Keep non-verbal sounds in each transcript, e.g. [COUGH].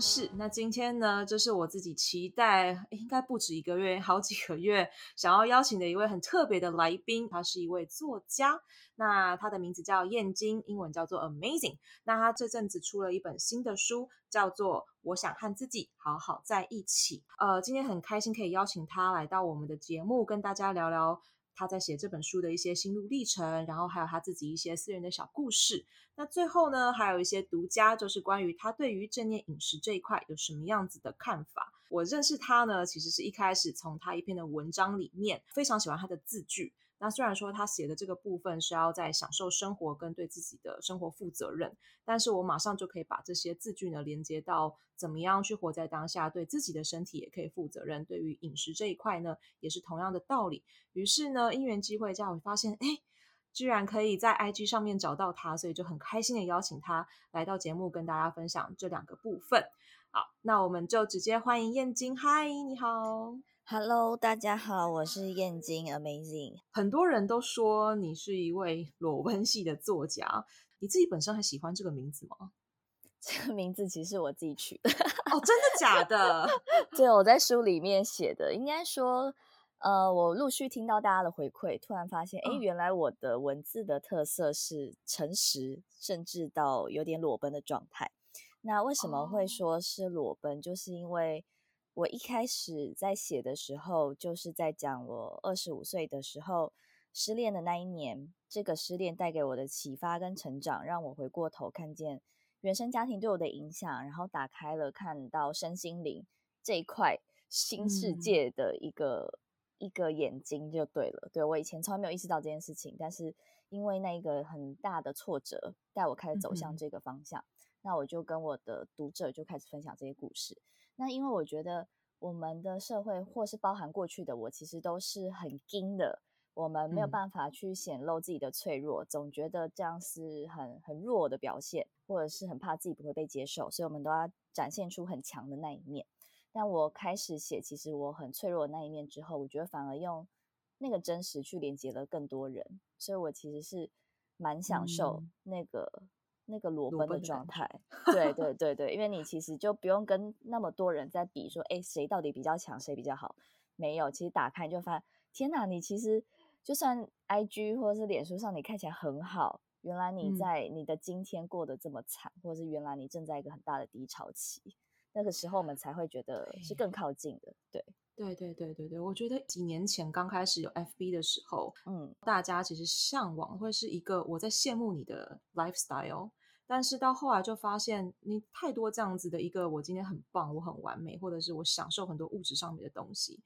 是，那今天呢，就是我自己期待應該不止一個月，好幾個月，想要邀請的一位很特別的來賓，他是一位作家，那他的名字叫彥菁，英文叫做 Amazing。那他這陣子出了一本新的書，叫做《我想和自己好好在一起》。呃，今天很開心可以邀請他來到我們的節目，跟大家聊聊。他在寫這本書的一些心路歷程，然後還有他自己一些私人的小故事。那最後呢，還有一些獨家，就是關於他對於正念飲食這一塊有什麼樣子的看法。我認識他呢，其實是一開始從他一篇的文章裡面，非常喜歡他的字句。那雖然說他寫的這個部分是要在享受生活跟對自己的生活負責任，但是我馬上就可以把這些字句呢連接到怎麼樣去活在當下，對自己的身體也可以負責任。對於飲食這一塊呢，也是同樣的道理。於是呢，因緣機會，這樣我發現，哎，居然可以在 IG 上面找到他，所以就很開心的邀請他來到節目，跟大家分享這兩個部分。好，那我們就直接歡迎彥菁。嗨，Hi, 你好。Hello，大家好，我是彥菁 Amazing。很多人都說你是一位裸奔系的作家，你自己本身還喜歡這個名字嗎？這個名字其實我自己取的哦。真的假的？ [LAUGHS] 對，我在書裡面寫的，應該說，呃，我陸續聽到大家的回饋，突然發現，哎、哦，原來我的文字的特色是誠實，甚至到有點裸奔的狀態。那為什麼會說是裸奔？哦、就是因為我一開始在寫的時候，就是在講我二十五歲的時候，失戀的那一年，這個失戀帶給我的啟發跟成長，讓我回過頭看見原生家庭對我的影響，然後打開了看到身心靈這一塊新世界的一個、嗯、一個眼睛，就對了。對，我以前從來沒有意識到這件事情，但是因為那一個很大的挫折，帶我開始走向這個方向，嗯、哼，那我就跟我的讀者就開始分享這些故事。那因為我覺得我們的社會或是包含過去的我，其實都是很硬的，我們沒有辦法去顯露自己的脆弱，嗯、總覺得這樣是很很弱的表現，或者是很怕自己不會被接受，所以我們都要展現出很強的那一面。但我開始寫其實我很脆弱的那一面之後，我覺得反而用那個真實去連接了更多人，所以我其實是蠻享受那個。嗯那個裸奔的狀態，對 [LAUGHS] 對對對，因為你其實就不用跟那麼多人在比說，說、欸、哎，誰到底比較強，誰比較好？沒有，其實打開你就發現，天哪、啊，你其實就算 IG 或者是臉書上，你看起來很好，原來你在你的今天過得這麼慘，嗯、或者是原來你正在一個很大的低潮期，那個時候我們才會覺得是更靠近的，對。對對對對對對，我覺得幾年前剛開始有 FB 的時候，嗯，大家其實嚮往會是一個我在羨慕你的 lifestyle，但是到後來就發現你太多這樣子的一個，我今天很棒，我很完美，或者是我享受很多物質上面的東西，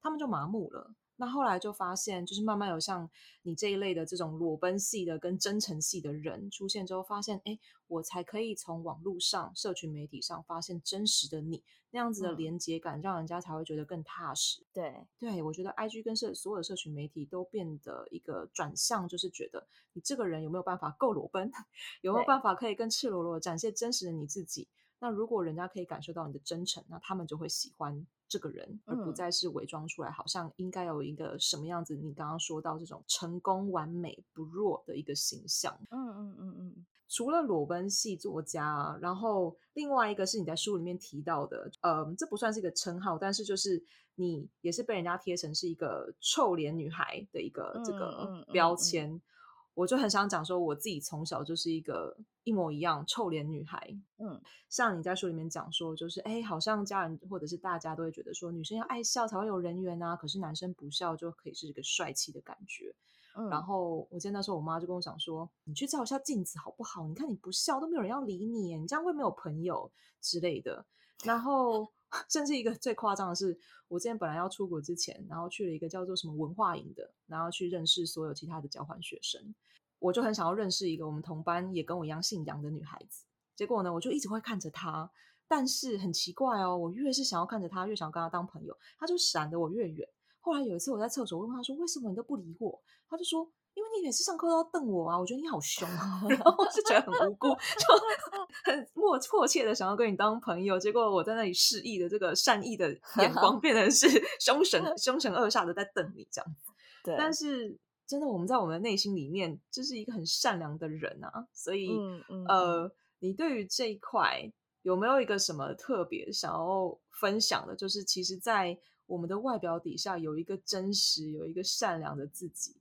他們就麻木了。那後來就發現，就是慢慢有像你這一類的這種裸奔系的跟真誠系的人出現之後，發現，哎，我才可以從網絡上、社群媒體上發現真實的你。那樣子的連接感，讓人家才會覺得更踏實。嗯、對，對，我覺得 IG 跟社所有的社群媒體都變得一個轉向，就是覺得你這個人有沒有辦法夠裸奔， [LAUGHS] 有沒有辦法可以更赤裸裸展現真實的你自己？對那如果人家可以感受到你的真誠，那他們就會喜歡。這個人，而不再是偽裝出來，好像應該有一個什麼樣子。你剛剛說到這種成功、完美、不弱的一個形象。嗯嗯嗯嗯。嗯嗯嗯，除了裸奔系作家，然後另外一個是你在書裡面提到的，呃，這不算是一個稱號，但是就是你也是被人家貼成是一個臭臉女孩的一個這個標籤。嗯嗯嗯嗯我就很想講說，我自己從小就是一個一模一樣臭臉女孩。嗯，像你在書裡面講說，就是哎、欸，好像家人或者是大家都會覺得說，女生要愛笑才會有人緣啊。可是男生不笑就可以是一個帥氣的感覺。嗯，然後我記得那時候我媽就跟我講說，你去照一下鏡子好不好？你看你不笑都沒有人要理你，你這樣會沒有朋友之類的。然後。甚至一個最誇張的是，我之前本來要出國之前，然後去了一個叫做什麼文化營的，然後去認識所有其他的交換學生。我就很想要認識一個我們同班也跟我一樣姓楊的女孩子。結果呢，我就一直會看着她，但是很奇怪哦，我越是想要看着她，越想跟她當朋友，她就閃得我越遠。後來有一次我在廁所問，問她說：“為什麼你都不理我？”她就說：你每次上課都要瞪我啊！我覺得你好凶啊，然後我就覺得很無辜，就很迫迫切的想要跟你當朋友。結果我在那裡示意的這個善意的眼光，變成是凶神 [LAUGHS] 凶神惡煞的在瞪你，這樣。對。但是真的，我們在我們的內心裡面，就是一個很善良的人啊。所以，嗯嗯、呃，你對於這一塊有沒有一個什麼特別想要分享的？就是其實，在我們的外表底下，有一個真實，有一個善良的自己。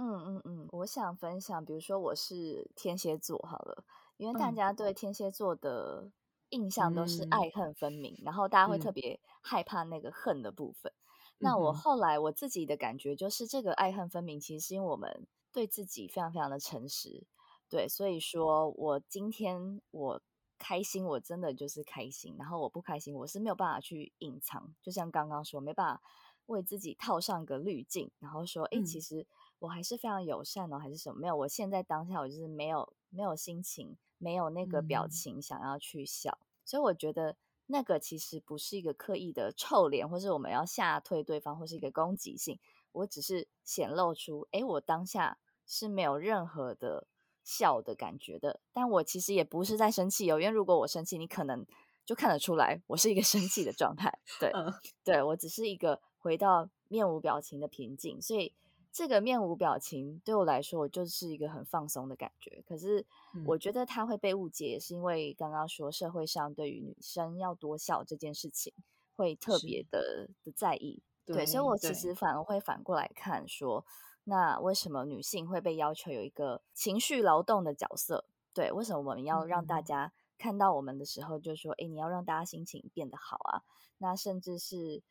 嗯嗯嗯，我想分享，比如說我是天蠍座，好了，因為大家對天蠍座的印象都是愛恨分明，嗯、然後大家會特別害怕那個恨的部分。嗯、那我後來我自己的感覺就是，這個愛恨分明，其實是因為我們對自己非常非常的誠實，對，所以說我今天我開心，我真的就是開心，然後我不開心，我是沒有辦法去隱藏，就像剛剛說，沒辦法為自己套上個濾鏡，然後說，誒，其實。我還是非常友善的，哦，還是什麼？沒有，我現在當下我就是沒有沒有心情，沒有那個表情，想要去笑。嗯、所以我覺得那個其實不是一個刻意的臭臉，或是我們要嚇退對方，或是一個攻擊性。我只是顯露出，誒、欸，我當下是沒有任何的笑的感覺的。但我其實也不是在生氣，哦，因為如果我生氣，你可能就看得出來我是一個生氣的狀態。對，呃、對，我只是一個回到面無表情的平靜，所以，這個面無表情對我來說，我就是一個很放鬆的感覺。可是我覺得他會被誤解，是因為剛剛說社會上對於女生要多笑這件事情會特別的是的在意。對，對，所以我其實反而會反過來看說，對那為什麼女性會被要求有一個情緒勞動的角色？對，為什麼我們要讓大家看到我們的時候就說，嗯、誒，你要讓大家心情變得好啊？那甚至是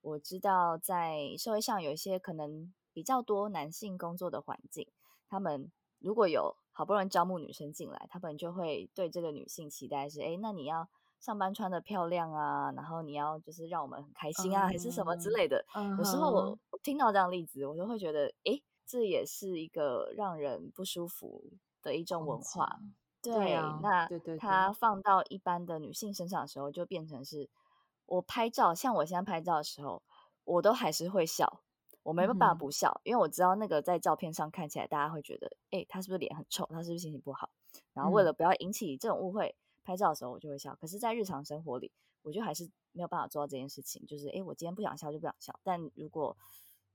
我知道在社會上有一些可能。比較多男性工作的環境，他們如果有好不容易招募女生進來，他們就會對這個女性期待是：哎、欸，那你要上班穿得漂亮啊，然後你要就是讓我們很開心啊，嗯、還是什麼之類的。嗯嗯、有時候我聽到這樣的例子，我就會覺得，哎、欸，這也是一個讓人不舒服的一種文化。嗯嗯、對，對、啊、那它放到一般的女性身上的時候，就變成是對對對對我拍照，像我現在拍照的時候，我都還是會笑。我沒有辦法不笑，嗯、因為我知道那個在照片上看起來，大家會覺得，誒、欸，他是不是臉很臭？他是不是心情不好？然後為了不要引起這種誤會，拍照的時候我就會笑。嗯、可是，在日常生活裡，我就還是沒有辦法做到這件事情。就是，誒、欸，我今天不想笑就不想笑。但如果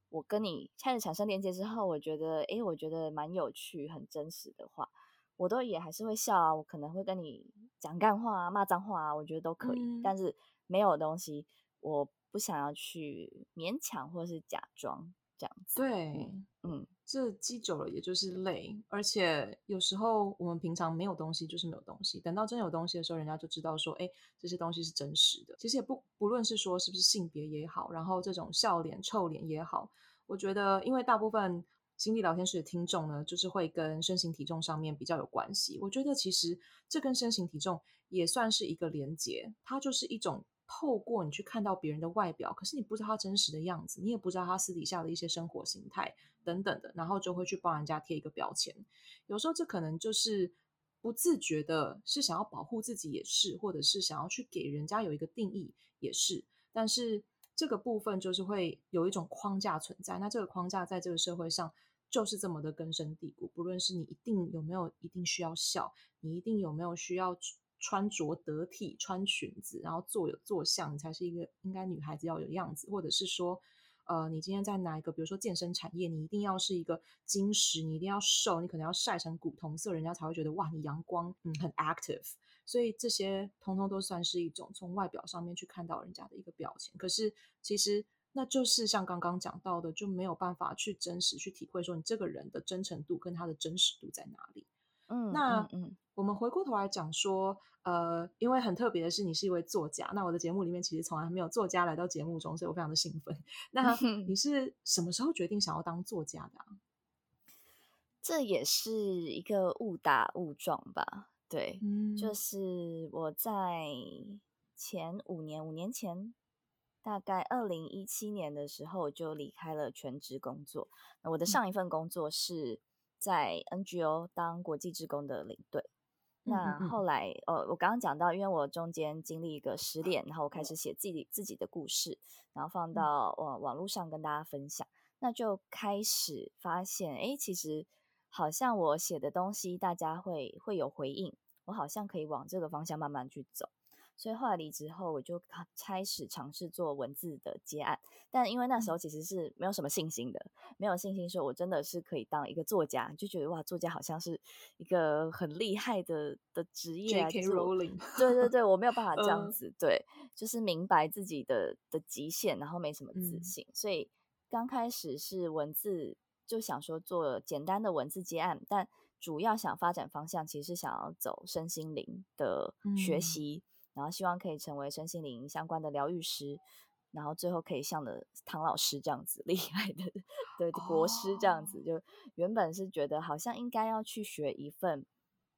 我跟你開始產生連接之後，我覺得，誒、欸，我覺得蠻有趣、很真實的話，我都也還是會笑啊。我可能會跟你講幹話啊、罵髒話啊，我覺得都可以。嗯、但是沒有東西我。不想要去勉強或是假裝這樣子。對，嗯，這積久了也就是累，而且有時候我們平常沒有東西就是沒有東西，等到真有東西的時候，人家就知道說，哎、欸，這些東西是真實的。其實也不不論是說是不是性別也好，然後這種笑臉臭臉也好，我覺得因為大部分心地聊天室的聽眾呢，就是會跟身形體重上面比較有關係。我覺得其實這跟身形體重也算是一個連接，它就是一種。透過你去看到別人的外表，可是你不知道他真實的樣子，你也不知道他私底下的一些生活形態等等的，然後就會去幫人家貼一個標籤。有時候這可能就是不自覺的，是想要保護自己也是，或者是想要去給人家有一個定義也是。但是這個部分就是會有一種框架存在，那這個框架在這個社會上就是這麼的根深蒂固。不論是你一定有沒有一定需要笑，你一定有沒有需要穿着得體，穿裙子，然後坐有坐相，你才是一個應該女孩子要有樣子，或者是說，呃，你今天在哪一個，比如說健身產業，你一定要是一個精實，你一定要瘦，你可能要曬成古銅色，人家才會覺得哇，你陽光，嗯，很 active，所以這些通通都算是一種從外表上面去看到人家的一個表情。可是其實那就是像剛剛講到的，就沒有辦法去真實去體會說你這個人的真誠度跟他的真實度在哪裡。嗯，那嗯，我們回過頭來講說，嗯嗯、呃，因為很特別的是，你是一位作家。那我的節目裡面其實從來沒有作家來到節目中，所以我非常的興奮。那你是什麼時候決定想要當作家的、啊？這也是一個誤打誤撞吧？對，嗯，就是我在前五年，五年前，大概二零一七年的時候，就離開了全職工作。那我的上一份工作是，在 NGO 當國際志工的領隊，那後來，呃、哦，我剛剛講到，因為我中間經歷一個失戀，然後我開始寫自己自己的故事，然後放到網網絡上跟大家分享，那就開始發現，哎，其實好像我寫的東西，大家會會有回應，我好像可以往這個方向慢慢去走。所以，後來離職後，我就開始嘗試做文字的接案，但因為那時候其實是沒有什麼信心的，沒有信心說我真的是可以當一個作家，就覺得哇，作家好像是一個很厲害的的職業來做。JK Rowling。對對對，我沒有辦法這樣子， [LAUGHS] 呃、對，就是明白自己的的極限，然後沒什麼自信，嗯、所以剛開始是文字，就想說做簡單的文字接案，但主要想發展方向其實是想要走身心靈的學習。嗯然後希望可以成為身心靈相關的療癒師，然後最後可以像的唐老師這樣子厲害的，對國師這樣子，oh. 就原本是覺得好像應該要去學一份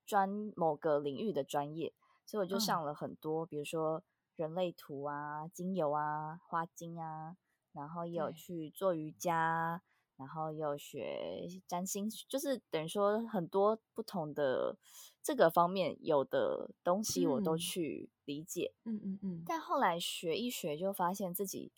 專某個領域的專業，所以我就上了很多，嗯、比如說人類圖啊、精油啊、花精啊，然後也有去做瑜伽。然後又學占星，就是等於說很多不同的這個方面，有的東西我都去理解。嗯嗯嗯。嗯嗯嗯，但後來學一學，就發現自己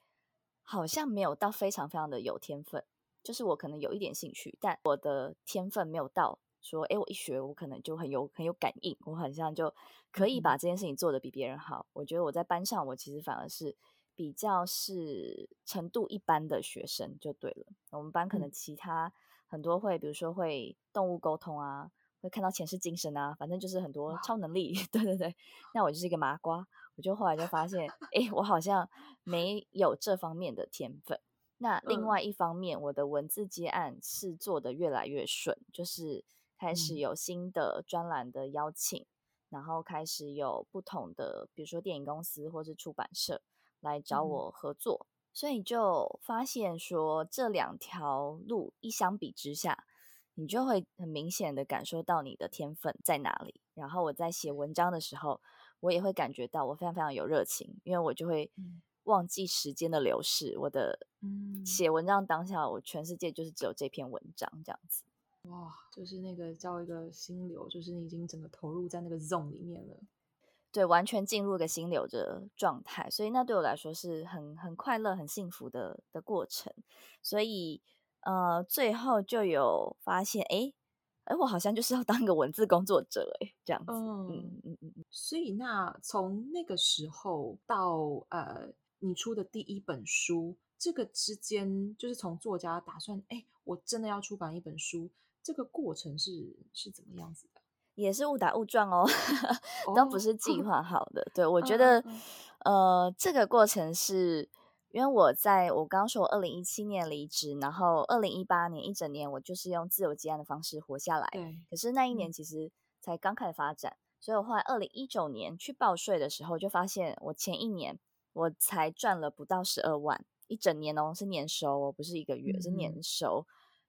好像沒有到非常非常的有天分。就是我可能有一點興趣，但我的天分沒有到。說，誒我一學，我可能就很有很有感應，我好像就可以把這件事情做得比別人好。嗯、我覺得我在班上，我其實反而是。比較是程度一般的學生就對了。我們班可能其他很多會，比如說會動物溝通啊，會看到前世今生啊，反正就是很多超能力。對對對，那我就是一個麻瓜。我就後來就發現，哎、 [LAUGHS] 欸，我好像沒有這方面的天分。那另外一方面，我的文字接案是做得越來越順，就是開始有新的專欄的邀請，然後開始有不同的，比如說電影公司或是出版社。來找我合作，嗯、所以就發現說這兩條路一相比之下，你就會很明顯的感受到你的天分在哪裡。然後我在寫文章的時候，我也會感覺到我非常非常有熱情，因為我就會忘記時間的流逝。嗯、我的寫文章當下，我全世界就是只有這篇文章這樣子。哇，就是那個叫一個心流，就是你已經整個投入在那個 zone 裡面了。對，完全進入一個心流的狀態，所以那對我來說是很很快樂、很幸福的的過程。所以，呃，最後就有發現，哎，誒，我好像就是要當一個文字工作者，誒，這樣子。嗯嗯嗯。嗯，所以，那從那個時候到呃，你出的第一本書，這個之間，就是從作家打算，哎，我真的要出版一本書，這個過程是是怎麼樣子的？也是誤打誤撞哦，都不是計劃好的。Oh, oh. 對，我覺得，oh, oh, oh. 呃，這個過程是因為我在我剛剛說，我二零一七年離職，然後二零一八年一整年我就是用自由接案的方式活下來。對可是那一年其實才剛開始發展，嗯、所以我後來二零一九年去報稅的時候，就發現我前一年我才賺了不到十二萬，一整年哦，是年收，哦，不是一個月，嗯、是年收，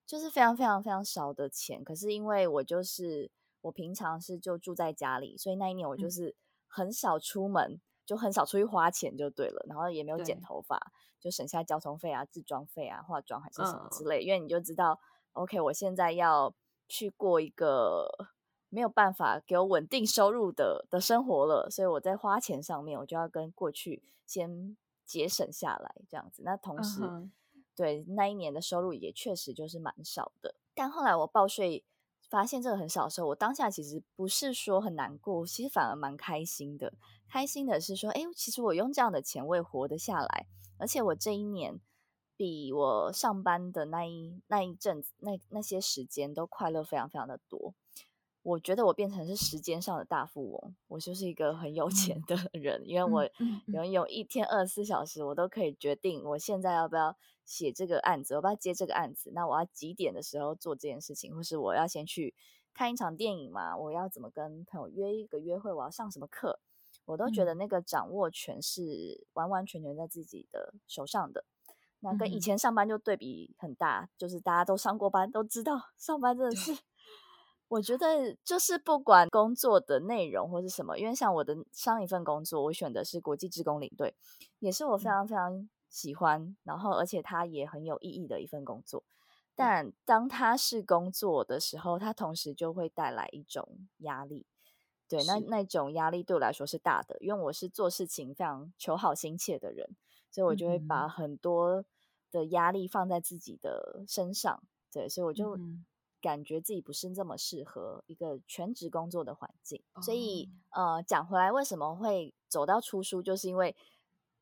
就是非常非常非常少的錢。可是因為我就是。我平常是就住在家裡，所以那一年我就是很少出門，嗯、就很少出去花錢，就對了。然後也沒有剪頭髮，對就省下交通費啊、自裝費啊、化妝還是什麼之類。哦、因為你就知道，OK，我現在要去過一個沒有辦法給我穩定收入的的生活了，所以我在花錢上面我就要跟過去先節省下來，這樣子。那同時，嗯、哼對，那一年的收入也確實就是蠻少的。但後來我報稅。發現這個很少的時候，我當下其實不是說很難過，其實反而蠻開心的。開心的是說，哎，其實我用這樣的錢我也活得下來，而且我這一年比我上班的那一那一陣子，那那些時間都快樂非常非常的多。我覺得我變成是時間上的大富翁，我就是一個很有錢的人，因為我擁有一天二十四小時，我都可以決定我現在要不要。寫這個案子，我不知道接這個案子，那我要幾點的時候做這件事情，或是我要先去看一場電影嘛？我要怎麼跟朋友約一個約會？我要上什麼課？我都覺得那個掌握權是完完全全在自己的手上的。那跟以前上班就對比很大，就是大家都上過班，都知道上班真的是。對我覺得就是不管工作的內容或是什麼，因為像我的上一份工作，我選的是國際志工領隊，也是我非常非常。喜歡，然後而且他也很有意義的一份工作，但當他是工作的時候，他同時就會帶來一種壓力。對，是那那種壓力對我來說是大的，因為我是做事情非常求好心切的人，所以我就會把很多的壓力放在自己的身上。嗯嗯對，所以我就感覺自己不是這麼適合一個全職工作的環境。哦、所以，呃，講回來，為什麼會走到出書，就是因為。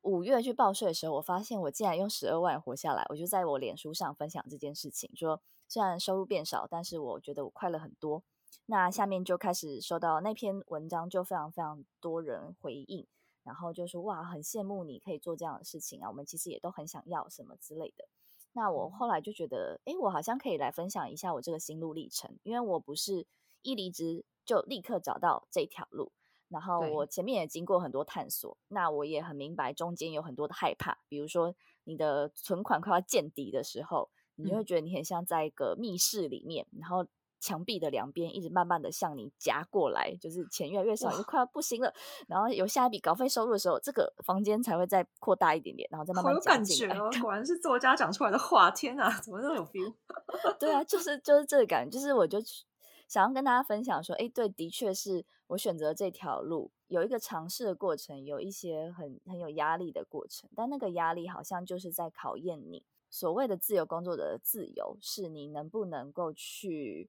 五月去報稅的時候，我發現我竟然用十二萬活下來，我就在我臉書上分享這件事情，說，雖然收入變少，但是我覺得我快樂很多。那下面就開始收到那篇文章，就非常非常多人回應，然後就說哇，很羨慕你可以做這樣的事情啊，我們其實也都很想要什麼之類的。那我後來就覺得，誒，我好像可以來分享一下我這個心路歷程，因為我不是一離職就立刻找到這條路。然後我前面也經過很多探索，對那我也很明白中間有很多的害怕，比如說你的存款快要見底的時候，你就會覺得你很像在一個密室裡面，然後牆壁的兩邊一直慢慢的向你夾過來，就是錢越來越少，就哇快要不行了。然後有下一筆稿費收入的時候，這個房間才會再擴大一點點，然後再慢慢夾進來。好有感覺哦，果然是作家講出來的話，天啊，怎麼都有 feel？ [LAUGHS] 對啊，就是就是這個感覺，就是我就想要跟大家分享說，誒對，的確是我選擇這條路，有一個嘗試的過程，有一些很很有壓力的過程，但那個壓力好像就是在考驗你所謂的自由工作者的自由，是你能不能夠去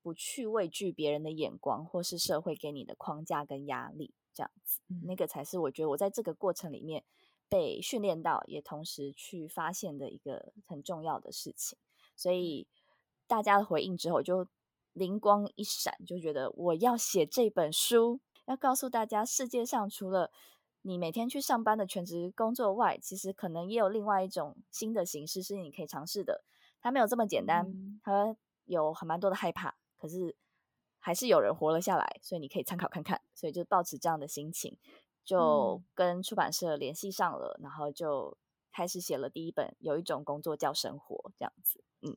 不去畏懼別人的眼光，或是社會給你的框架跟壓力，這樣子，那個才是我覺得我在這個過程裡面被訓練到，也同時去發現的一個很重要的事情。所以大家的回應之後就。靈光一閃，就覺得我要寫這本書，要告訴大家，世界上除了你每天去上班的全職工作外，其實可能也有另外一種新的形式是你可以嘗試的。它沒有這麼簡單，它有很蠻多的害怕，可是還是有人活了下來，所以你可以參考看看。所以就抱持這樣的心情，就跟出版社聯繫上了，然後就開始寫了第一本，有一種工作叫生活，這樣子，嗯，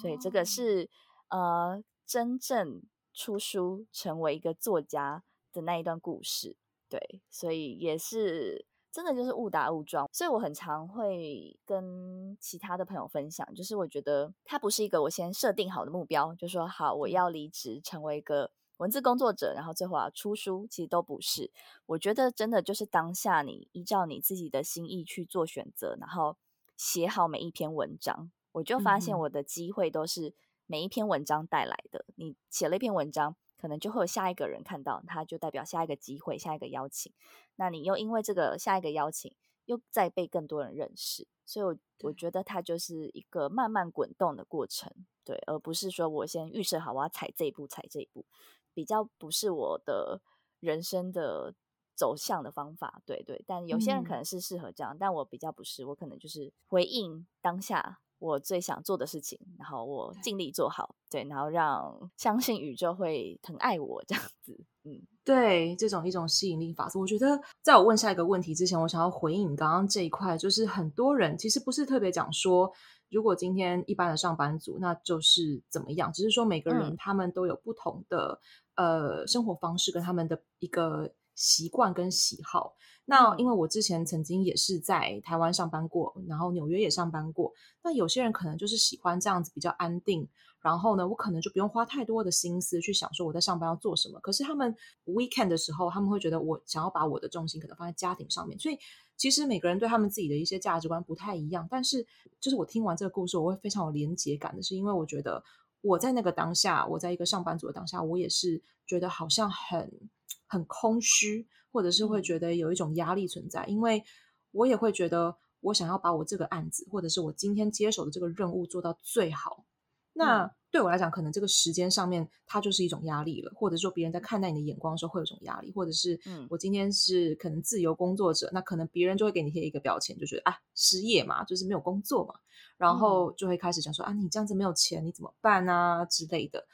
所以這個是呃。真正出書成為一個作家的那一段故事，對，所以也是真的就是誤打誤撞。所以我很常會跟其他的朋友分享，就是我覺得它不是一個我先設定好的目標，就是說好，我要離職成為一個文字工作者，然後最後啊出書，其實都不是。我覺得真的就是當下你依照你自己的心意去做選擇，然後寫好每一篇文章，我就發現我的機會都是。每一篇文章帶來的，你寫了一篇文章，可能就會有下一個人看到，他就代表下一個機會、下一個邀請。那你又因為這個下一個邀請，又再被更多人認識。所以我，我對我覺得它就是一個慢慢滾動的過程，對，而不是說我先預設好我要踩這一步、踩這一步，比較不是我的人生的走向的方法。對對，但有些人可能是適合這樣，嗯、但我比較不是，我可能就是回應當下。我最想做的事情，然後我盡力做好，對，對，然後讓相信宇宙會疼愛我這樣子，嗯，對，這種一種吸引力法則，我覺得在我問下一個問題之前，我想要回應你剛剛這一塊，就是很多人其實不是特別講說，如果今天一般的上班族，那就是怎麼樣，只是說每個人，嗯，他們都有不同的呃生活方式跟他們的一個。習慣跟喜好，那因為我之前曾經也是在台灣上班過，然後紐約也上班過。那有些人可能就是喜歡這樣子比較安定，然後呢，我可能就不用花太多的心思去想說我在上班要做什麼。可是他們 weekend 的時候，他們會覺得我想要把我的重心可能放在家庭上面。所以其實每個人對他們自己的一些價值觀不太一樣，但是就是我聽完這個故事，我會非常有連結感的，是因為我覺得我在那個當下，我在一個上班族的當下，我也是覺得好像很。很空虛，或者是會覺得有一種壓力存在，因為我也會覺得我想要把我這個案子，或者是我今天接手的這個任務做到最好。那對我來講，可能這個時間上面它就是一種壓力了，或者說別人在看待你的眼光的時候會有一種壓力，或者是我今天是可能自由工作者，嗯，那可能別人就會給你貼一個標籤，就覺得啊，失業嘛，就是沒有工作嘛，然後就會開始講說啊，你這樣子沒有錢，你怎麼辦啊之類的。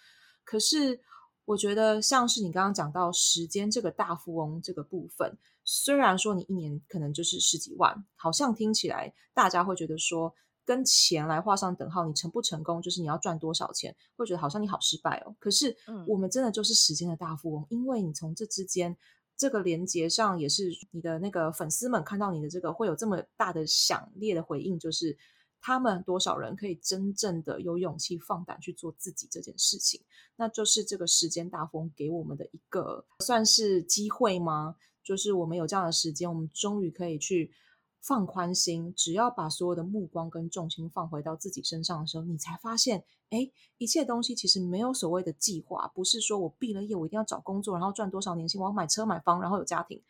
可是。我覺得像是你剛剛講到時間這個大富翁這個部分，雖然說你一年可能就是十幾萬，好像聽起來大家會覺得說跟錢來畫上等號，你成不成功就是你要賺多少錢，會覺得好像你好失敗哦。可是我們真的就是時間的大富翁，嗯、因為你從這之間這個連接上也是你的那個粉絲們看到你的這個會有這麼大的強烈的回應，就是。他們多少人可以真正的有勇氣放膽去做自己這件事情？那就是這個時間大風給我們的一個算是機會嗎？就是我們有這樣的時間，我們終於可以去放寬心。只要把所有的目光跟重心放回到自己身上的時候，你才發現，哎，一切東西其實沒有所謂的計劃，不是說我畢了業我一定要找工作，然後賺多少年薪，我要買車買房，然後有家庭，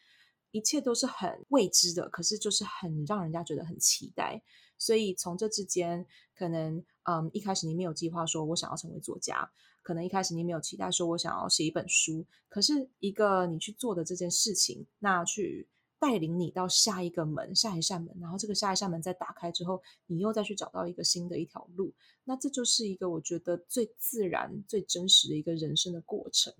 一切都是很未知的。可是就是很讓人家覺得很期待。所以從這之間，可能嗯，一開始你沒有計劃說，我想要成為作家，可能一開始你沒有期待說，我想要寫一本書。可是，一個你去做的這件事情，那去帶領你到下一個門、下一扇門，然後這個下一扇門再打開之後，你又再去找到一個新的一條路。那這就是一個我覺得最自然、最真實的一個人生的過程。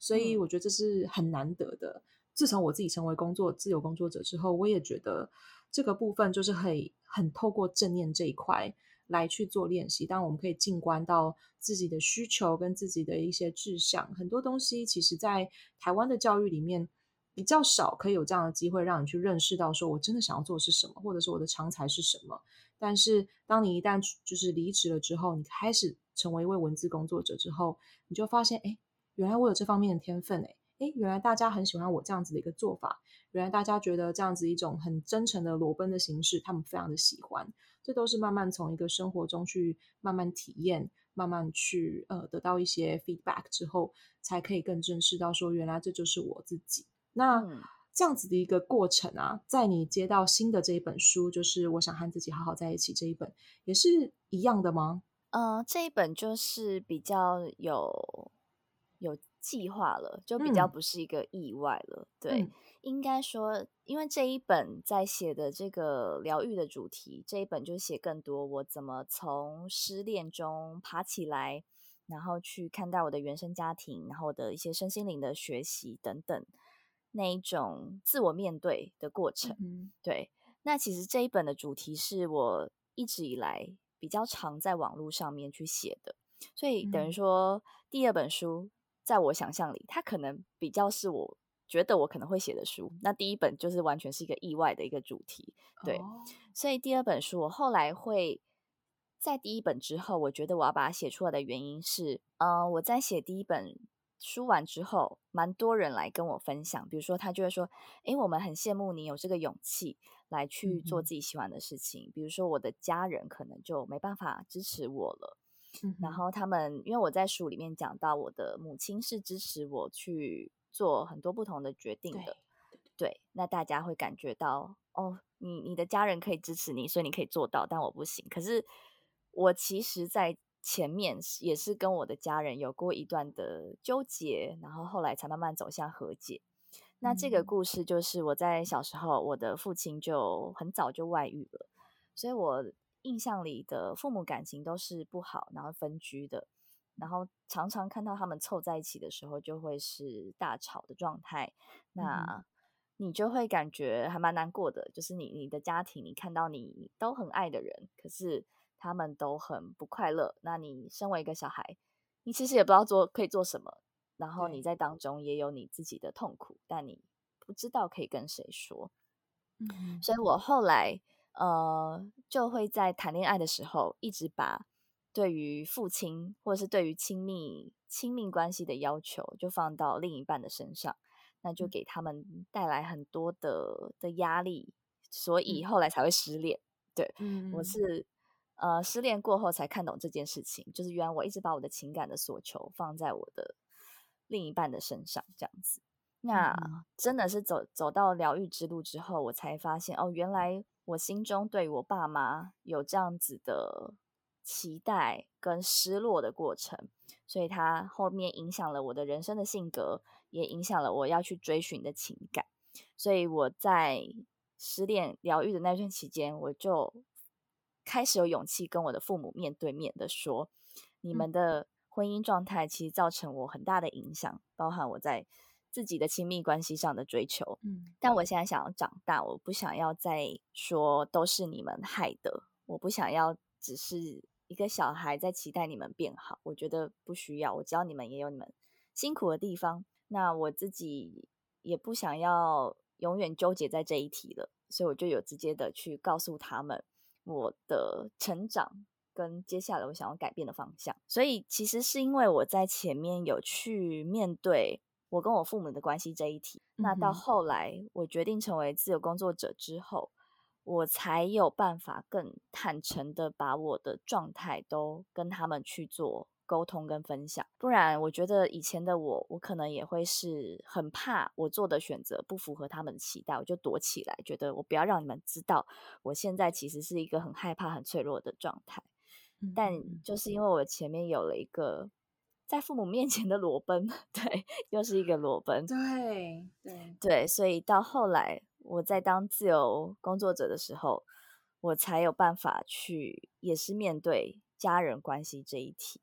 所以，我覺得這是很難得的。嗯、自從我自己成為工作自由工作者之後，我也覺得。這個部分就是很很透過正念這一塊來去做練習，當我們可以靜觀到自己的需求跟自己的一些志向。很多東西其實在台灣的教育裡面比較少可以有這樣的機會讓你去認識到，說我真的想要做的是什麼，或者是我的長才是什麼。但是當你一旦就是離職了之後，你開始成為一位文字工作者之後，你就發現，哎，原來我有這方面的天分誒，哎，哎，原來大家很喜歡我這樣子的一個做法。原來大家覺得這樣子一種很真誠的裸奔的形式，他們非常的喜歡。這都是慢慢從一個生活中去慢慢體驗，慢慢去呃得到一些 feedback 之後，才可以更正視到說原來這就是我自己。那、嗯、這樣子的一個過程啊，在你接到新的這一本書，就是我想和自己好好在一起這一本，也是一樣的嗎？呃這一本就是比較有有。計劃了，就比較不是一個意外了。嗯、對，應該說，因為這一本在寫的這個療癒的主題，這一本就寫更多我怎麼從失戀中爬起來，然後去看待我的原生家庭，然後的一些身心靈的學習等等，那一種自我面對的過程。嗯哼、對，那其實這一本的主題是我一直以來比較常在網絡上面去寫的，所以等於說第二本書。在我想象裡，他可能比較是我覺得我可能會寫的書。嗯、那第一本就是完全是一個意外的一個主題，哦、對。所以第二本書我後來會在第一本之後，我覺得我要把它寫出來的原因是，呃，我在寫第一本書完之後，蠻多人來跟我分享，比如說他就會說：“誒、欸、我們很羨慕你有這個勇氣來去做自己喜歡的事情。嗯哼”比如說我的家人可能就沒辦法支持我了。然後他們，因為我在書裡面講到，我的母親是支持我去做很多不同的決定的。對，對，對，那大家會感覺到，哦，你你的家人可以支持你，所以你可以做到，但我不行。可是我其實，在前面也是跟我的家人有過一段的糾結，然後後來才慢慢走向和解。那這個故事就是我在小時候，我的父親就很早就外遇了，所以我。印象裡的父母感情都是不好，然後分居的，然後常常看到他們湊在一起的時候，就會是大吵的狀態。嗯。那你就會感覺還蠻難過的，就是你你的家庭，你看到你都很愛的人，可是他們都很不快樂。那你身為一個小孩，你其實也不知道做可以做什麼，然後你在當中也有你自己的痛苦，對但你不知道可以跟誰說。嗯，所以我後來。呃，就會在談戀愛的時候，一直把對於父親或者是對於親密親密關係的要求，就放到另一半的身上，那就給他們帶來很多的、嗯、的壓力，所以後來才會失戀。嗯、對，我是呃失戀過後才看懂這件事情，就是原來我一直把我的情感的所求放在我的另一半的身上，這樣子，那真的是走走到療癒之路之後，我才發現哦，原來。我心中對我爸媽有這樣子的期待跟失落的過程，所以他後面影響了我的人生的性格，也影響了我要去追尋的情感。所以我在失戀療癒的那段期間，我就開始有勇氣跟我的父母面對面的說，嗯、你們的婚姻狀態其實造成我很大的影響，包含我在自己的親密關係上的追求，嗯，但我現在想要長大，我不想要再說都是你們害的，我不想要只是一個小孩在期待你們變好，我覺得不需要，我只要你們也有你們辛苦的地方，那我自己也不想要永遠糾結在這一題了，所以我就有直接的去告訴他們我的成長跟接下來我想要改變的方向，所以其實是因為我在前面有去面對。我跟我父母的關係這一題，那到後來我決定成為自由工作者之後，我才有辦法更坦誠的把我的狀態都跟他們去做溝通跟分享。不然，我覺得以前的我，我可能也會是很怕我做的選擇不符合他們的期待，我就躲起來，覺得我不要讓你們知道，我現在其實是一個很害怕、很脆弱的狀態。但就是因為我前面有了一個。在父母面前的裸奔，對，又是一個裸奔，對，對，對，所以到後來，我在當自由工作者的時候，我才有辦法去，也是面對家人關係這一題，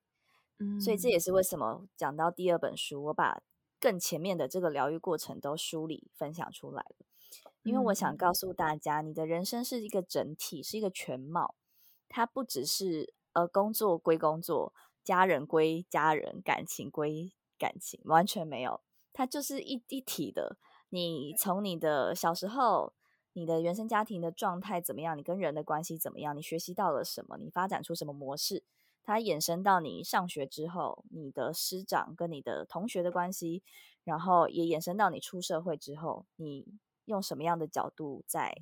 嗯，所以這也是為什麼講到第二本書，我把更前面的這個療癒過程都梳理分享出來了，因為我想告訴大家，嗯，你的人生是一個整體，是一個全貌，它不只是呃工作歸工作。家人歸家人，感情歸感情，完全沒有。它就是一一體的。你從你的小時候，你的原生家庭的狀態怎麼樣？你跟人的關係怎麼樣？你學習到了什麼？你發展出什麼模式？它延伸到你上學之後，你的師長跟你的同學的關係，然後也延伸到你出社會之後，你用什麼樣的角度在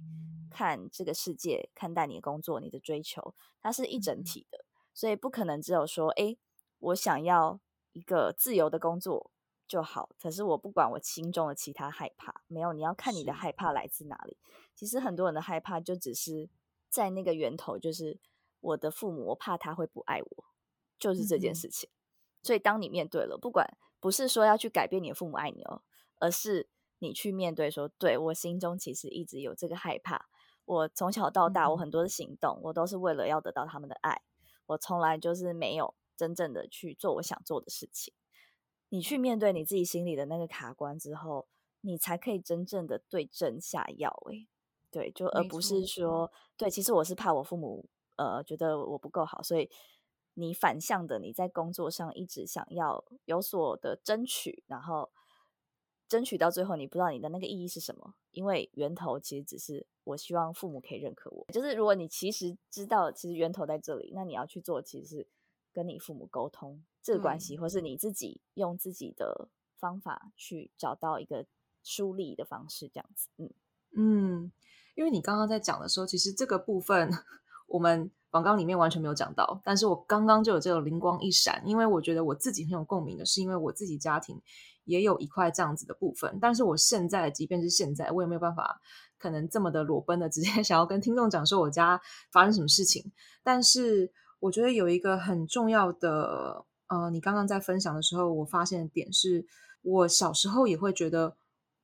看這個世界，看待你的工作、你的追求？它是一整體的。所以不可能只有說，誒、欸，我想要一個自由的工作就好。可是我不管我心中的其他害怕，沒有。你要看你的害怕來自哪裡。的其實很多人的害怕就只是在那個源頭，就是我的父母，我怕他會不愛我，就是這件事情。嗯、哼所以當你面對了，不管不是說要去改變你的父母愛你哦，而是你去面對，說，對，我心中其實一直有這個害怕。我從小到大，我很多的行動，嗯、哼我都是為了要得到他們的愛。我從來就是沒有真正的去做我想做的事情。你去面對你自己心裡的那個卡關之後，你才可以真正的對症下藥、欸。誒對，就而不是說，沒錯。對，其實我是怕我父母呃覺得我不夠好，所以你反向的你在工作上一直想要有所的爭取，然後。爭取到最後，你不知道你的那個意義是什麼，因為源頭其實只是我希望父母可以認可我。就是如果你其實知道，其實源頭在這裡，那你要去做，其實是跟你父母溝通這個關係，嗯、或是你自己用自己的方法去找到一個梳理的方式，這樣子。嗯嗯，因為你剛剛在講的時候，其實這個部分我們廣告裡面完全沒有講到，但是我剛剛就有這個靈光一閃，因為我覺得我自己很有共鳴的，是因為我自己家庭也有一塊這樣子的部分，但是我現在，即便是現在，我也沒有辦法，可能這麼的裸奔的直接想要跟聽眾講說我家發生什麼事情。但是我覺得有一個很重要的，呃，你剛剛在分享的時候，我發現的點是，我小時候也會覺得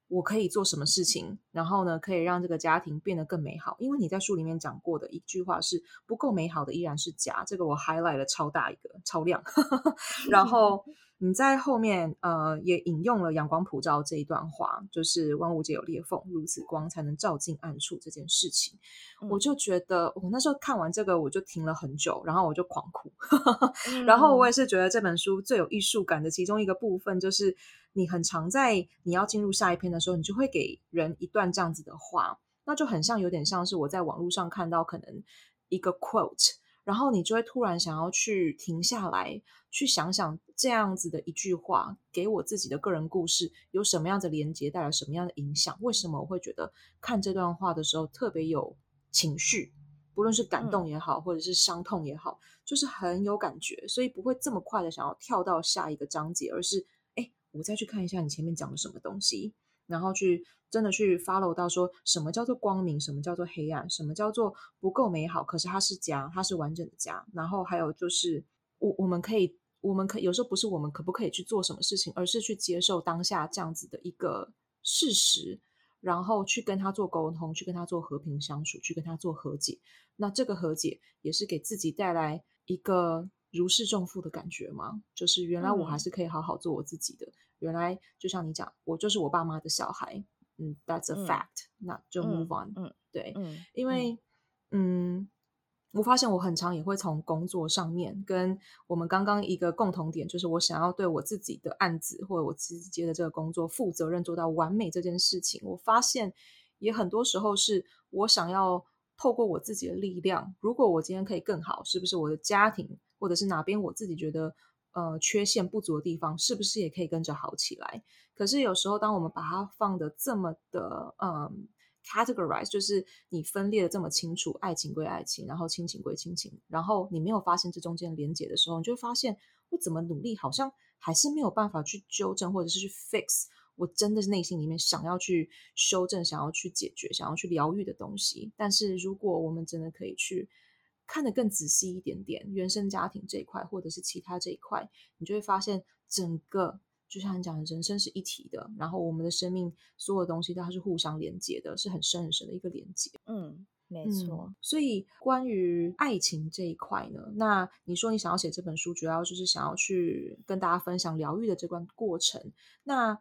我可以做什麼事情，然後呢，可以讓這個家庭變得更美好。因為你在書裡面講過的一句話是“不夠美好的依然是家”，這個我 highlight 了超大一個，超亮。 [LAUGHS] 然後。 [LAUGHS] 你在後面，呃，也引用了“陽光普照”這一段話，就是萬物皆有裂縫，如此光才能照進暗處這件事情。嗯、我就覺得，我、哦、那時候看完這個，我就停了很久，然後我就狂哭。 [LAUGHS] 然後我也是覺得這本書最有藝術感的其中一個部分，就是你很常在你要進入下一篇的時候，你就會給人一段這樣子的話，那就很像有點像是我在網絡上看到可能一個 quote。然後你就會突然想要去停下來，去想想這樣子的一句話，給我自己的個人故事有什麼樣的連接，帶來什麼樣的影響？為什麼我會覺得看這段話的時候特別有情緒？不論是感動也好，或者是傷痛也好，就是很有感覺，所以不會這麼快的想要跳到下一個章節，而是，哎，我再去看一下你前面講的什麼東西。然後去真的去 follow 到說什麼叫做光明，什麼叫做黑暗，什麼叫做不夠美好。可是它是家，它是完整的家。然後還有就是，我我們可以，我們可以，有時候不是我們可不可以去做什麼事情，而是去接受當下這樣子的一個事實，然後去跟他做溝通，去跟他做和平相處，去跟他做和解。那這個和解也是給自己帶來一個如釋重負的感覺嗎？就是原來我還是可以好好做我自己的。嗯原來就像你講，我就是我爸媽的小孩，嗯，That's a fact，那就、嗯、move on。嗯，對，嗯、因為嗯，嗯，我發現我很常也會從工作上面跟我們剛剛一個共同點，就是我想要對我自己的案子或者我直接的這個工作負責任，做到完美這件事情，我發現也很多時候是我想要透過我自己的力量，如果我今天可以更好，是不是我的家庭或者是哪邊我自己覺得？呃，缺陷不足的地方是不是也可以跟着好起來？可是有時候，當我們把它放得這麼的，嗯，categorize，就是你分裂的這麼清楚，愛情歸愛情，然後親情歸親情，然後你沒有發現這中間連結的時候，你就會發現我怎麼努力，好像還是沒有辦法去糾正，或者是去 fix 我真的是內心裡面想要去修正、想要去解決、想要去療癒的東西。但是如果我們真的可以去，看得更仔細一點點，原生家庭這一塊，或者是其他這一塊，你就會發現整個就像你講的，人生是一體的，然後我們的生命所有的東西，它都是互相連接的，是很深很深的一個連接。嗯，沒錯、嗯。所以關於愛情這一塊呢，那你說你想要寫這本書，主要就是想要去跟大家分享療癒的這段過程，那。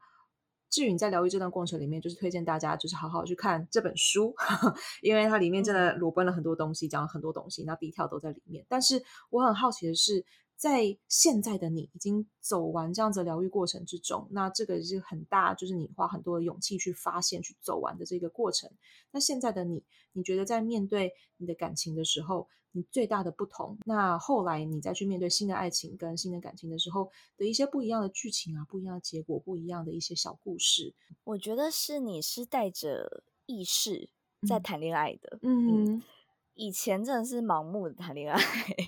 至於你在療癒這段過程裡面，就是推薦大家就是好好去看這本書，哈哈，因為它裡面真的裸奔了很多東西，講了很多東西，那必跳都在裡面。但是我很好奇的是，在現在的你已經走完這樣子療癒過程之中，那這個是很大，就是你花很多的勇氣去發現、去走完的這個過程。那現在的你，你覺得在面對你的感情的時候，你最大的不同，那後來你再去面對新的愛情跟新的感情的時候的一些不一樣的劇情啊，不一樣的結果，不一樣的一些小故事，我覺得是你是帶着意識在談戀愛的。嗯，嗯，以前真的是盲目的談戀愛。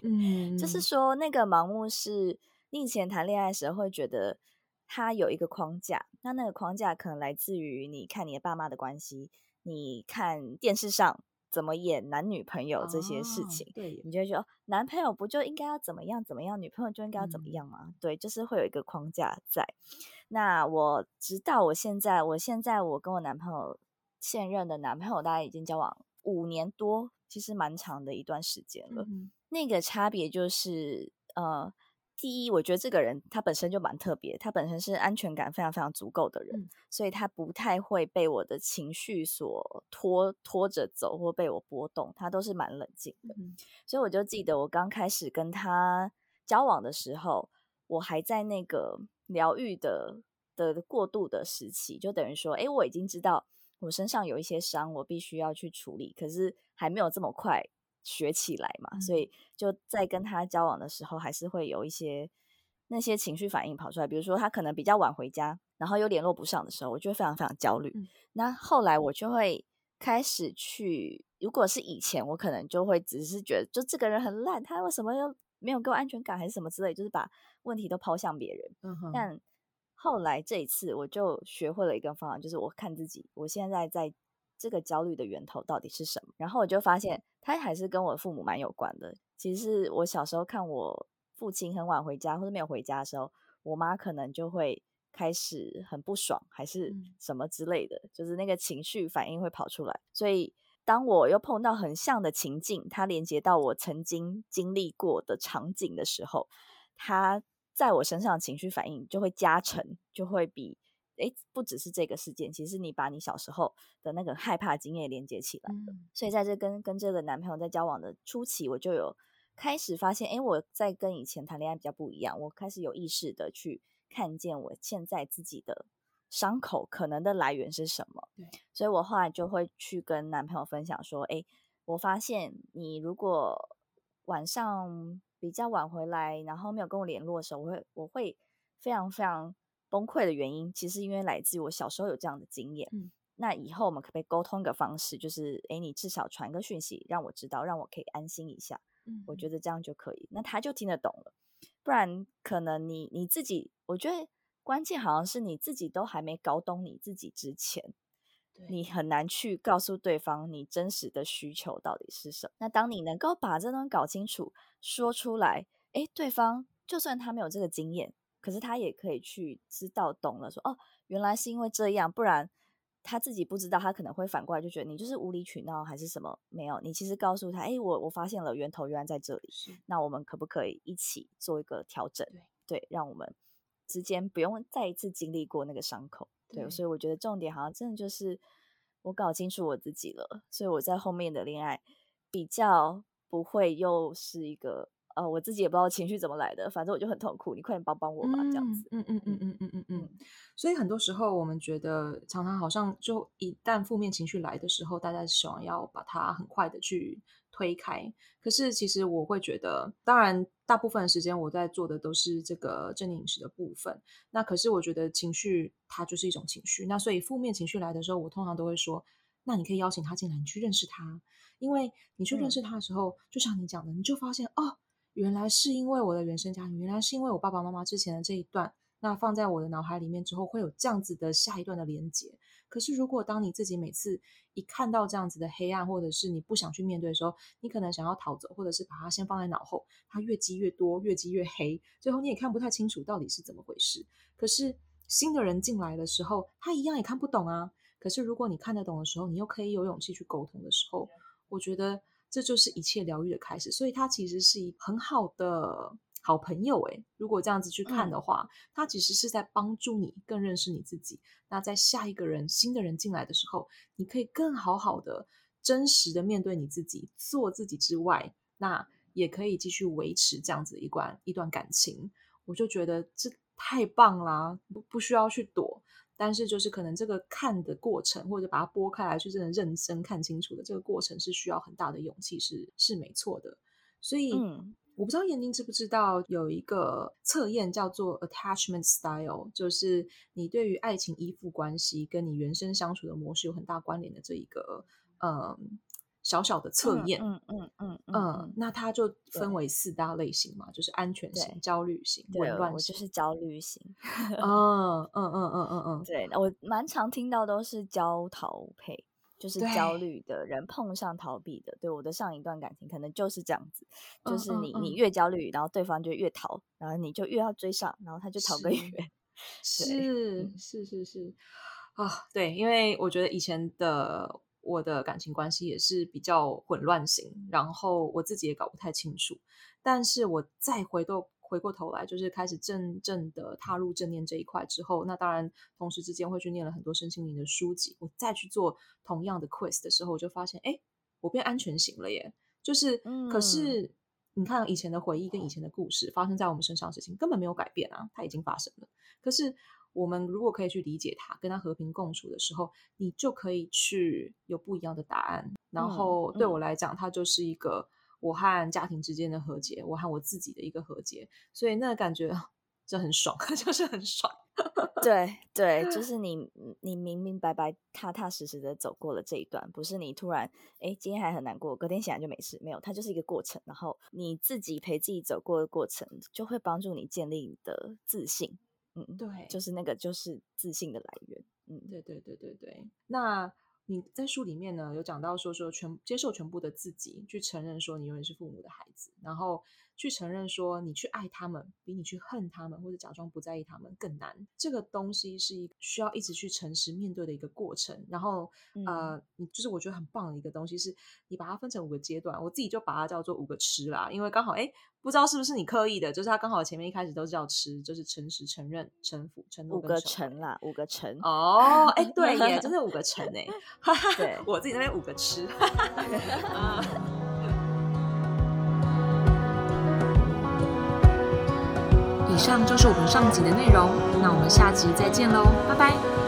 嗯，就是說那個盲目是你以前談戀愛的時候會覺得它有一個框架，那那個框架可能來自於你看你的爸媽的關係，你看電視上。怎麼演男女朋友這些事情？哦、對，你就會說，男朋友不就應該要怎麼樣怎麼樣，女朋友就應該要怎麼樣嗎？啊？嗯、對，就是會有一個框架在。那我直到我現在，我現在我跟我男朋友現任的男朋友，大概已經交往五年多，其實蠻長的一段時間了。嗯、那個差別就是呃。第一，我覺得這個人他本身就蠻特別，他本身是安全感非常非常足夠的人，嗯、所以他不太會被我的情緒所拖拖着走，或被我波動，他都是蠻冷靜的。嗯、所以我就記得我剛開始跟他交往的時候，我還在那個療癒的的過渡的時期，就等於說，哎、欸，我已經知道我身上有一些傷，我必須要去處理，可是還沒有這麼快。學起來嘛，所以就在跟他交往的時候，還是會有一些那些情緒反應跑出來。比如說他可能比較晚回家，然後又聯絡不上的時候，我就會非常非常焦慮。嗯。那後來我就會開始去，如果是以前，我可能就會只是覺得就這個人很爛，他為什麼又沒有給我安全感，還是什麼之類，就是把問題都拋向別人。嗯哼。但後來這一次，我就學會了一個方法，就是我看自己。我現在在。這個焦慮的源頭到底是什麼？然後我就發現，它還是跟我的父母蠻有關的。其實我小時候看我父親很晚回家或者沒有回家的時候，我媽可能就會開始很不爽，還是什麼之類的，嗯、就是那個情緒反應會跑出來。所以當我又碰到很像的情境，它連接到我曾經經歷過的場景的時候，它在我身上的情緒反應就會加成，就會比。欸，不只是這個事件，其實你把你小時候的那個害怕經驗連接起來，嗯、所以在這跟跟這個男朋友在交往的初期，我就有開始發現，欸，我在跟以前談戀愛比較不一樣，我開始有意識的去看見我現在自己的傷口可能的來源是什麼。對所以我後來就會去跟男朋友分享說，欸，我發現你如果晚上比較晚回來，然後沒有跟我聯絡的時候，我會我會非常非常。崩潰的原因，其實因為來自於我小時候有這樣的經驗。嗯，那以後我們可不可以溝通一個方式，就是誒，你至少傳個訊息讓我知道，讓我可以安心一下。嗯哼，我覺得這樣就可以。那他就聽得懂了，不然可能你你自己，我覺得關鍵好像是你自己都還沒搞懂你自己之前，對你很難去告訴對方你真實的需求到底是什麼。那當你能夠把這東西搞清楚，說出來，誒，對方就算他沒有這個經驗。可是他也可以去知道懂了，說哦，原來是因為這樣，不然他自己不知道，他可能會反過來就覺得你就是無理取鬧還是什麼。沒有，你其實告訴他，哎，我我發現了源頭，原來在這裡。是，那我們可不可以一起做一個調整？對，對，讓我們之間不用再一次經歷過那個傷口。對，對，所以我覺得重點好像真的就是我搞清楚我自己了，所以我在後面的戀愛比較不會又是一個。呃，我自己也不知道情緒怎麼來的，反正我就很痛苦。你快點幫幫我吧，嗯、這樣子。嗯嗯嗯嗯嗯嗯嗯。所以很多時候我們覺得，常常好像就一旦負面情緒來的時候，大家希望要把它很快的去推開。可是其實我會覺得，當然大部分的時間我在做的都是這個正念飲食的部分。那可是我覺得情緒它就是一種情緒。那所以負面情緒來的時候，我通常都會說，那你可以邀請他進來，你去認識他。因為你去認識他的時候，嗯、就像你講的，你就發現哦。原來是因為我的原生家庭，原來是因為我爸爸媽媽之前的這一段，那放在我的腦海裡面之後，會有這樣子的下一段的連結。可是，如果當你自己每次一看到這樣子的黑暗，或者是你不想去面對的時候，你可能想要逃走，或者是把它先放在腦後，它越積越多，越積越黑，最後你也看不太清楚到底是怎麼回事。可是新的人進來的時候，他一樣也看不懂啊。可是如果你看得懂的時候，你又可以有勇氣去溝通的時候，我覺得。這就是一切療癒的開始，所以它其實是一很好的好朋友。誒，如果這樣子去看的話，它其實是在幫助你更認識你自己。那在下一個人，新的人進來的時候，你可以更好好的、真實的面對你自己，做自己之外，那也可以繼續維持這樣子一段一段感情。我就覺得這太棒啦！不不需要去躲。但是就是可能這個看的過程，或者把它撥開來去，真的認真看清楚的這個過程是需要很大的勇氣，是是沒錯的。所以我不知道彥菁知不知道有一個測驗叫做 Attachment Style，就是你對於愛情依附關係跟你原生相處的模式有很大關聯的這一個，嗯。小小的測驗，嗯嗯嗯嗯，那它就分為四大類型嘛，就是安全型、焦慮型、紊亂型。對我就是焦慮型。哦，嗯嗯嗯嗯嗯嗯。對，我蠻常聽到都是焦逃配，就是焦慮的人碰上逃避的。對，我的上一段感情可能就是這樣子，就是你你越焦慮，然後對方就越逃，然後你就越要追上，然後他就逃得越遠。是是是是，啊，對，因為我覺得以前的。我的感情關係也是比較混亂型，然後我自己也搞不太清楚。但是我再回到回過頭來，就是開始真正，正的踏入正念這一塊之後，那當然，同時之間會去念了很多身心靈的書籍。我再去做同樣的 quiz 的時候，我就發現，哎，我變安全型了耶。就是，嗯、可是你看以前的回憶跟以前的故事發生在我們身上的事情根本沒有改變啊，它已經發生了。可是。我們如果可以去理解他，跟他和平共處的時候，你就可以去有不一樣的答案。然後對我來講，它、嗯嗯、就是一個我和家庭之間的和解，我和我自己的一個和解。所以那個感覺就很爽，就是很爽。 [LAUGHS] 對對，就是你你明明白白、踏踏實實的走過了這一段，不是你突然哎今天還很難過，隔天起來就沒事。沒有，它就是一個過程。然後你自己陪自己走過的過程，就會幫助你建立你的自信。嗯，對，就是那個，就是自信的來源。嗯，對，對，對，對，對。那你在書裡面呢，有講到說說全接受全部的自己，去承認說你永遠是父母的孩子，然後去承認說你去愛他們比你去恨他們或者假裝不在意他們更難。這個東西是一需要一直去誠實面對的一個過程。然後、嗯、呃，你就是我覺得很棒的一個東西是，是你把它分成五個階段，我自己就把它叫做五個吃啦，因為剛好哎。欸不知道是不是你刻意的，就是他剛好前面一開始都是要吃，就是誠實、承認、臣服、承諾五個臣啦，五個臣哦，哎、欸、 [LAUGHS] 對耶， [LAUGHS] 真的五個臣哎、欸， [LAUGHS] 對， [LAUGHS] 我自己那邊五個吃。 [LAUGHS] [LAUGHS] [LAUGHS] 以上就是我們上集的內容，那我們下集再見嘍，拜拜。